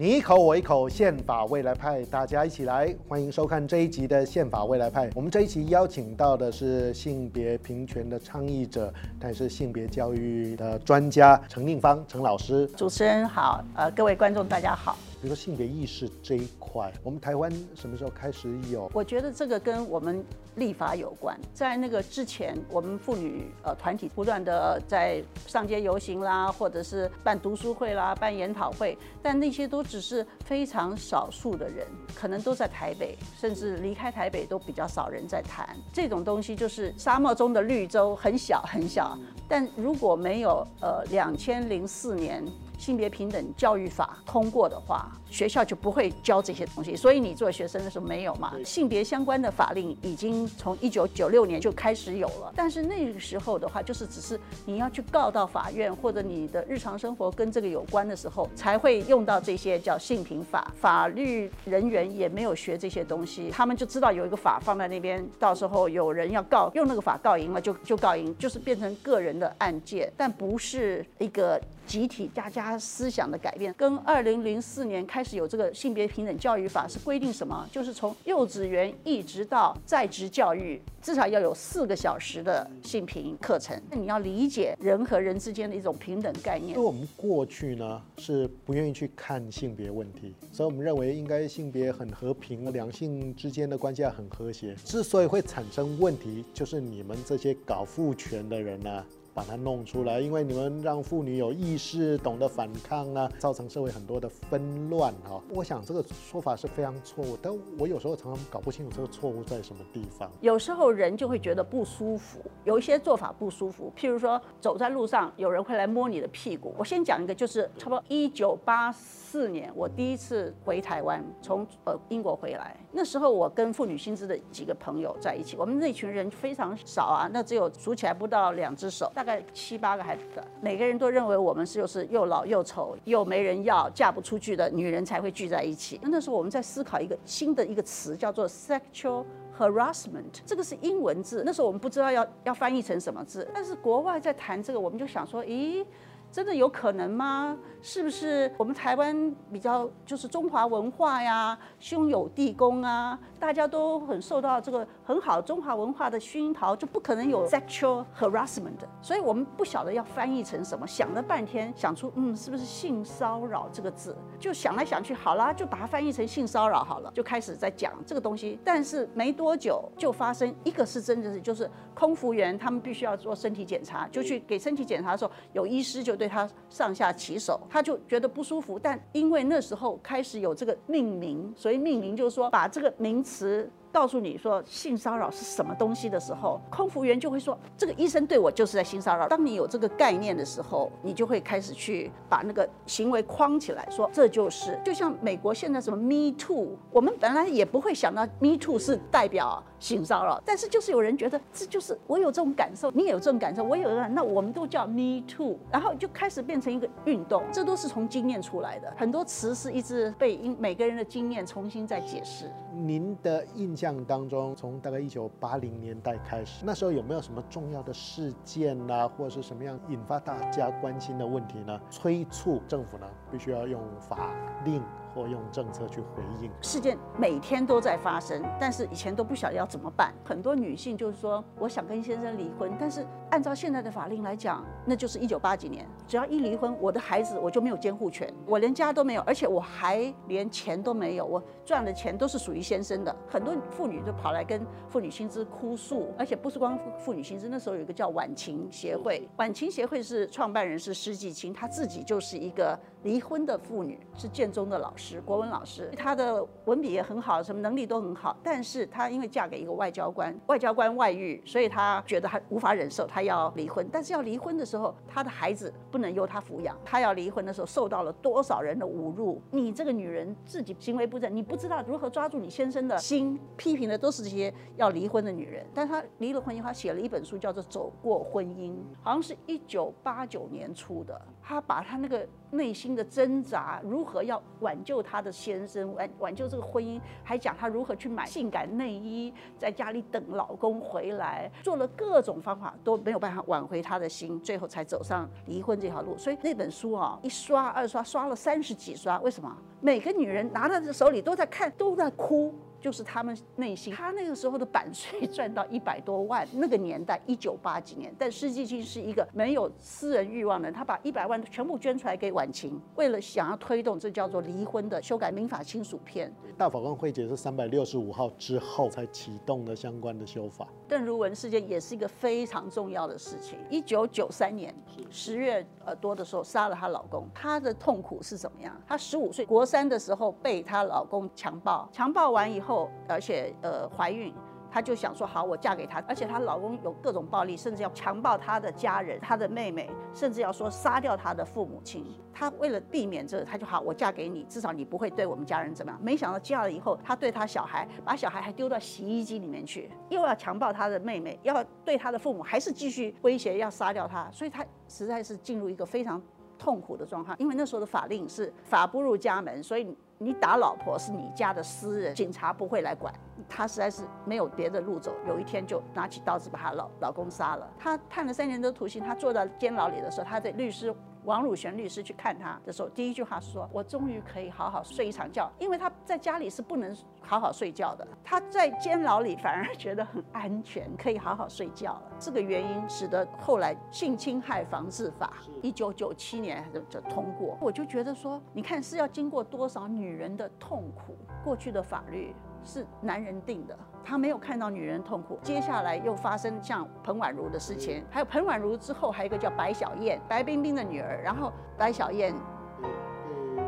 你一口我一口，憲法未來派，大家一起來，歡迎收看這一集的憲法未來派。我們這一期邀請到的是性別平權的倡議者，但是性別教育的專家成令方成老師。主持人好，呃，各位觀眾大家好。比如說性別意識這一塊，我們台灣什麼時候開始有？我覺得這個跟我們立法有關。在那個之前，我們婦女呃團體不斷地在上街遊行啦，或者是辦讀書會啦、辦研討會，但那些都只是非常少數的人，可能都在台北，甚至離開台北都比較少人在談。這種東西就是沙漠中的綠洲，很小很小。但如果沒有呃兩千零四年性別平等教育法通過的話，學校就不會教這些東西，所以你做學生的時候沒有嘛。性別相關的法令已經從一九九六年就開始有了，但是那個時候的話，就是只是你要去告到法院，或者你的日常生活跟這個有關的時候，才會用到這些叫性平法。法律人員也沒有學這些東西，他們就知道有一個法放在那邊，到時候有人要告，用那個法告贏了就就告贏，就是變成個人的案件，但不是一個集體大家思想的改變。跟二零零四年。開始有這個性別平等教育法，是規定什麼？就是從幼稚園一直到在職教育，至少要有四個小時的性平課程。那你要理解人和人之間的一種平等概念。因為我們過去呢是不願意去看性別問題，所以我們認為應該性別很和平，兩性之間的關係很和諧。之所以會產生問題，就是你們這些搞父權的人呢、啊。把它弄出來，因為你們讓婦女有意識、懂得反抗啊，造成社會很多的紛亂啊、哦。我想這個說法是非常錯誤，但我有時候常常搞不清楚這個錯誤在什麼地方。有時候人就會覺得不舒服，有一些做法不舒服，譬如說走在路上，有人會來摸你的屁股。我先講一個，就是差不多一九八四年，我第一次回台灣，從呃英國回來，那時候我跟婦女新知的幾個朋友在一起，我們那群人非常少啊，那只有數起來不到兩只手。大七八個孩子的，每個人都認為我們是又是又老又醜又沒人要嫁不出去的女人才會聚在一起。那時候我們在思考一個新的一個詞，叫做 sexual harassment，這個是英文字。那時候我們不知道要要翻譯成什麼字，但是國外在談這個，我們就想說，咦。真的有可能嗎？是不是我們台灣比較就是中華文化呀，兄友弟恭啊，大家都很受到這個很好中華文化的熏陶就不可能有 sexual harassment。所以我們不曉得要翻譯成什麼，想了半天，想出嗯，是不是性騷擾這個字，就想來想去，好啦，就把它翻譯成性騷擾好了，就開始在講這個東西。但是沒多久就發生一個是真的是，就是空服員他們必須要做身體檢查，就去給身體檢查的時候，有醫師就。對他上下其手，他就覺得不舒服。但因為那時候開始有這個命名，所以命名就是說把這個名詞。告訴你說性騷擾是什麼東西的時候，空服員就會說這個醫生對我就是在性騷擾。當你有這個概念的時候，你就會開始去把那個行為框起來，說這就是就像美國現在什麼 Me Too，我們本來也不會想到 Me Too 是代表性騷擾，但是就是有人覺得這就是我有這種感受，你也有這種感受，我有那我們都叫 Me Too，然後就開始變成一個運動。這都是從經驗出來的，很多詞是一直被因每個人的經驗重新再解釋。您的印。像當中，從大概一九八零年代開始，那時候有沒有什麼重要的事件呐、啊，或者是什麼樣引發大家關心的問題呢？催促政府呢，必須要用法令，或用政策去回應事件，每天都在發生，但是以前都不曉得要怎麼辦。很多女性就是說，我想跟先生離婚，但是按照現在的法令來講，那就是一九八幾年，只要一離婚，我的孩子我就沒有監護權，我連家都沒有，而且我還連錢都沒有，我賺的錢都是屬於先生的。很多婦女就跑來跟婦女新知哭訴，而且不是光婦女新知，那時候有一個叫晚晴協會，晚晴協會是創辦人是施寄青，她自己就是一個離婚的婦女，是建中的老師。是國文老師，他的文筆也很好，什麼能力都很好。但是她因為嫁給一個外交官，外交官外遇，所以她覺得她無法忍受，她要離婚。但是要離婚的時候，她的孩子不能由她撫養。她要離婚的時候，受到了多少人的侮辱？你這個女人自己行為不正，你不知道如何抓住你先生的心。批評的都是這些要離婚的女人。但她離了婚以後，她寫了一本書，叫做《走過婚姻》，好像是一九八九年出的。她把她那個內心的掙扎，如何要挽救她的先生，挽挽救這個婚姻，還講她如何去買性感內衣，在家裡等老公回來，做了各種方法都沒有辦法挽回他的心，最後才走上離婚這條路。所以那本書啊，一刷二刷，刷了三十幾刷。為什麼？每個女人拿到這手裡都在看，都在哭。就是他們內心，他那個時候的版稅賺到一百多萬，那個年代一九八幾年，但施寄青是一個沒有私人慾望的人，他把一百萬全部捐出來給晚晴，為了想要推動這叫做離婚的修改民法親屬編。大法官會解釋三百六十五號之後才啟動的相關的修法。鄧如雯事件也是一個非常重要的事情，一九九三年。十月呃多的時候殺了她老公，她的痛苦是怎麼樣？她十五歲國三的時候被她老公強暴，強暴完以後，而且呃懷孕。她就想說好，我嫁給他，而且她老公有各種暴力，甚至要強暴她的家人，她的妹妹，甚至要說殺掉她的父母親。她為了避免這，她就好，我嫁給你，至少你不會對我們家人怎麼樣。沒想到嫁了以後，她對她小孩，把小孩還丟到洗衣機裡面去，又要強暴她的妹妹，要對她的父母，還是繼續威脅要殺掉她。所以她實在是進入一個非常痛苦的狀態，因為那時候的法令是法不入家門，所以。你打老婆是你家的私人，警察不會來管。他實在是沒有別的路走，有一天就拿起刀子把她老老公殺了。她判了三年的徒刑，她坐到監牢裡的時候，她的律師。王如玄律師去看他的時候，第一句話是說：“我終於可以好好睡一場覺，因為他在家裡是不能好好睡覺的，他在監牢裡反而覺得很安全，可以好好睡覺了。”這個原因使得後來《性侵害防治法》一九九七年就就通過。我就覺得說，你看是要經過多少女人的痛苦，過去的法律。是男人定的，他沒有看到女人痛苦。接下來又發生像彭婉如的事情，還有彭婉如之後還有一個叫白小燕，白冰冰的女兒。然後白小燕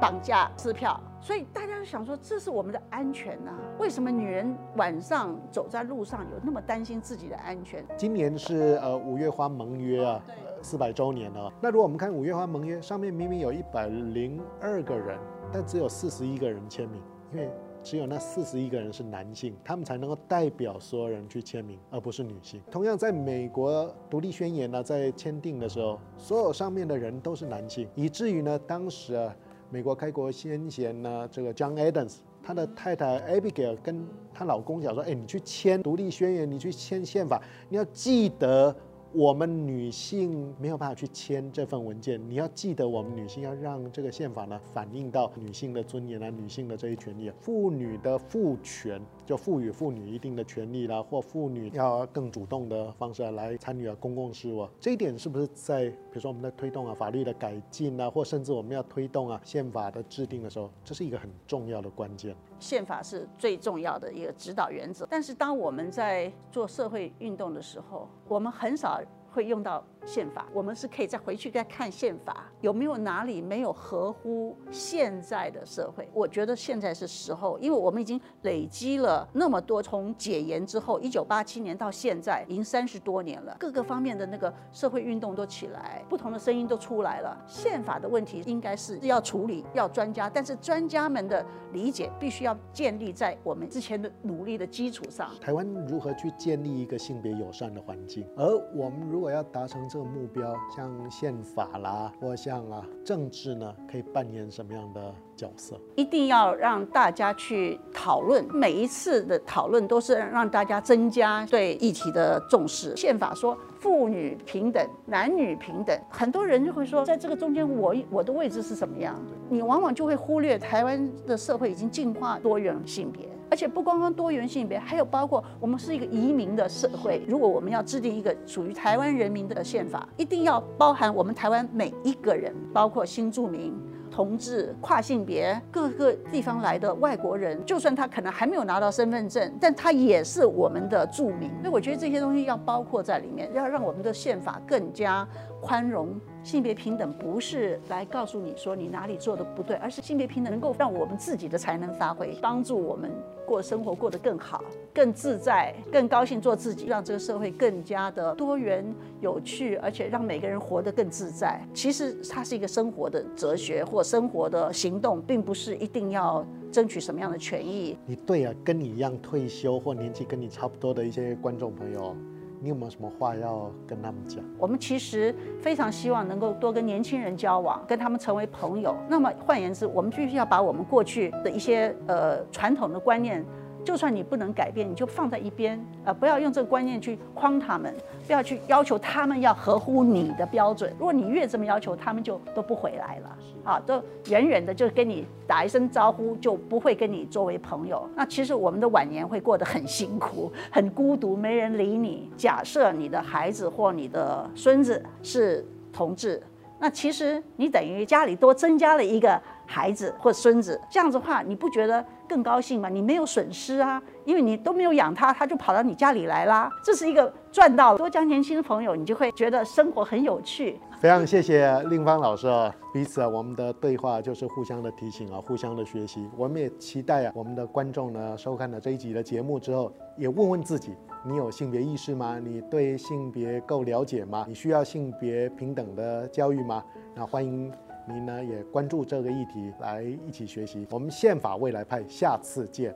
綁架撕票，所以大家想說，這是我們的安全呢？啊。為什麼女人晚上走在路上有那麼擔心自己的安全？今年是呃五月花盟約啊，對，四百周年呢，啊。那如果我們看五月花盟約上面明明有一百零二個人，但只有四十一個人簽名，因為。只有那四十一個人是男性，他們才能夠代表所有人去簽名，而不是女性。同樣，在美國獨立宣言呢，在簽訂的時候，所有上面的人都是男性，以至於呢，當時啊，美國開國先賢呢，這個 John Adams，他的太太 Abigail 跟他老公講說：“哎，你去簽獨立宣言，你去簽憲法，你要記得。”我們女性沒有辦法去簽這份文件。你要記得，我們女性要讓這個憲法呢，反映到女性的尊嚴啊，女性的這一權利、啊，婦女的賦權。就賦予婦女一定的權利啦、啊，或婦女要更主動的方式來參與啊公共事務啊，這一點是不是在比如說我們在推動啊法律的改進啊，或甚至我們要推動啊憲法的制定的時候，這是一個很重要的關鍵。憲法是最重要的一個指導原則，但是當我們在做社會運動的時候，我們很少會用到。憲法，我們是可以再回去再看憲法有沒有哪裡沒有合乎現在的社會。我覺得現在是時候，因為我們已經累積了那麼多，從解嚴之後一九八七年到現在，已經三十多年了，各個方面的那個社會運動都起來，不同的聲音都出來了。憲法的問題應該是要處理，要專家，但是專家們的理解必須要建立在我們之前的努力的基礎上。台灣如何去建立一個性別友善的環境，而我們如果要達成。這個目標，像憲法啦，或像啊政治呢，可以扮演什麼樣的角色？一定要讓大家去討論，每一次的討論都是讓大家增加對議題的重視。憲法說婦女平等、男女平等，很多人就會說，在這個中間我，我我的位置是怎麼樣？你往往就會忽略，台灣的社會已經進化多元性別。而且不光光多元性別，還有包括我們是一個移民的社會。如果我們要制定一個屬於台灣人民的憲法，一定要包含我們台灣每一個人，包括新住民、同志、跨性別各個地方來的外國人。就算他可能還沒有拿到身份證，但他也是我們的住民。所以我覺得這些東西要包括在裡面，要讓我們的憲法更加寬容。性別平等不是來告訴你說，你哪裡做的不對，而是性別平等能夠讓我們自己的才能發揮，幫助我們過生活過得更好，更自在，更高興做自己，讓這個社會更加的多元有趣，而且讓每個人活得更自在。其實它是一個生活的哲學或生活的行動，並不是一定要爭取什麼樣的權益。你對啊，跟你一樣退休或年紀跟你差不多的一些觀眾朋友。你有沒有什麼話要跟他們講？我們其實非常希望能夠多跟年輕人交往，跟他們成為朋友。那麼換言之，我們必須要把我們過去的一些呃傳統的觀念。就算你不能改變，你就放在一邊，呃，不要用這個觀念去框他們，不要去要求他們要合乎你的標準。如果你越這麼要求，他們就都不回來了，啊，都遠遠的就跟你打一聲招呼，就不會跟你作為朋友。那其實我們的晚年會過得很辛苦、很孤獨，沒人理你。假設你的孩子或你的孫子是同志，那其實你等於家裡多增加了一個。孩子或孫子這樣子的話，你不覺得更高興嗎？你沒有損失啊，因為你都沒有養他，他就跑到你家裡來啦。這是一個賺到了，多交年輕的朋友，你就會覺得生活很有趣。非常謝謝令方老師哦，彼此啊，我們的對話就是互相的提醒啊，互相的學習。我們也期待啊，我們的觀眾呢，收看了這一集的節目之後，也問問自己：你有性別意識嗎？你對性別夠了解嗎？你需要性別平等的教育嗎？那歡迎。您呢，也關注這個議題，來一起學習。我們憲法未來派，下次見。